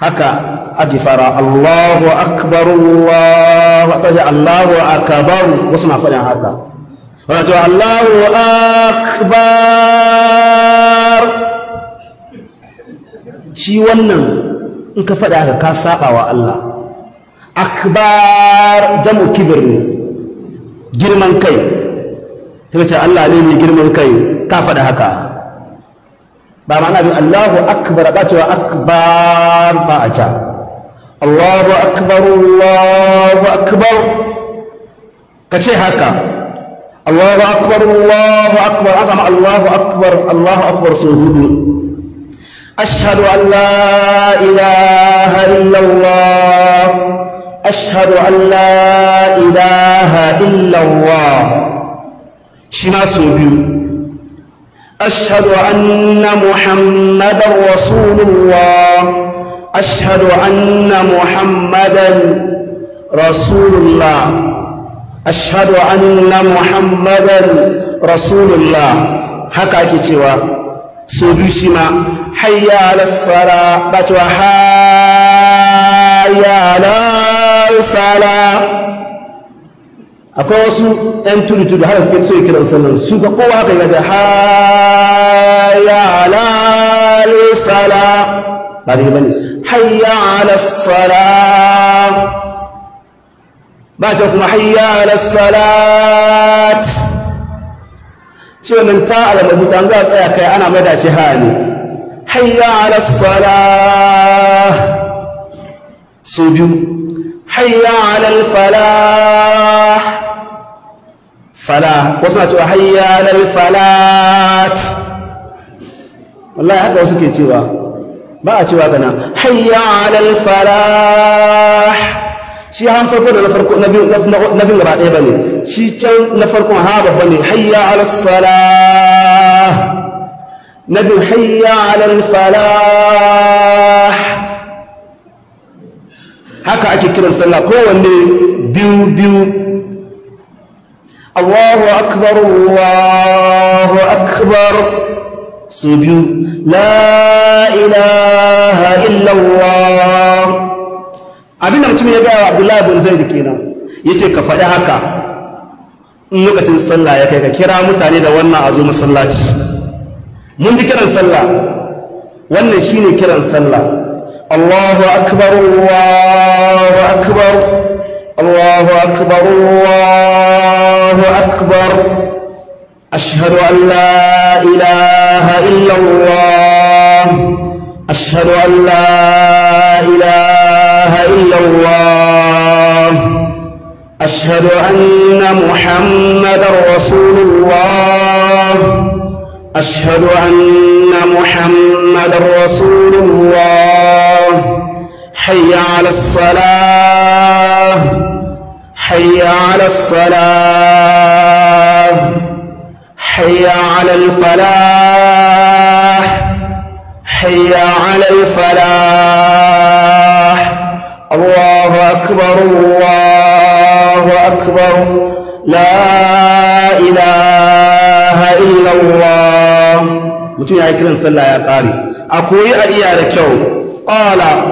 haka aji fara Allahu akbar Allahu ce Allahu akbar wasu na faɗin haka wani cewa Allahu akbar shi wannan in ka faɗa haka ka saba wa Allah akbar jamu kibir ne girman kai ta ce Allah ne mai girman kai ka faɗa haka ba ma'ana bi Allahu akbar ba cewa akbar ba a ja Allahu akbar Allahu akbar ka ce haka Allahu akbar Allahu akbar a sama Allahu akbar Allahu akbar sau hudu ashhadu an la ilaha illallah ashhadu an la ilaha illallah shi ma sau biyu أشهد أن محمدا رسول الله أشهد أن محمدا رسول الله أشهد أن محمدا رسول الله هكا كتوا سوبيشما حي على الصلاة بتوا حي على الصلاة أقوسو أن تنتبه هذا كيف سوي كذا صلى سوق قوة قيادة حيا على الصلاة بعد يبني حيا على الصلاة ما شوفنا حيا على الصلاة شو من تعالى أنا على الصلاة fala wasu na cewa hayyanar falat wallahi haka wasu ke cewa ba a cewa gana hayyanar falah shi han farko da na farko na bin gaba ɗaya ba ne shi can na farkon ha babba ne hayyanar salah na bin hayyanar falah haka ake kiran sallah kowanne biyu biyu Allahu akbar Allahu akbar su biyu la ilaha illallah da mutum ya gaya wa Abdullahi bin Zaid kenan yace ka faɗi haka in lokacin sallah ya kai ka kira mutane da wannan azu masallaci mun ji kiran sallah wannan shine kiran sallah Allahu akbar Allahu akbar Allahu akbar Allahu الله أكبر أشهد أن لا إله إلا الله أشهد أن لا إله إلا الله أشهد أن محمد رسول الله أشهد أن محمد رسول الله حي على الصلاة حي على الصلاة حي على الفلاح حي على الفلاح الله أكبر الله أكبر لا إله إلا الله متى يكرن آية صلى يا قاري أقوي أيها الكون قال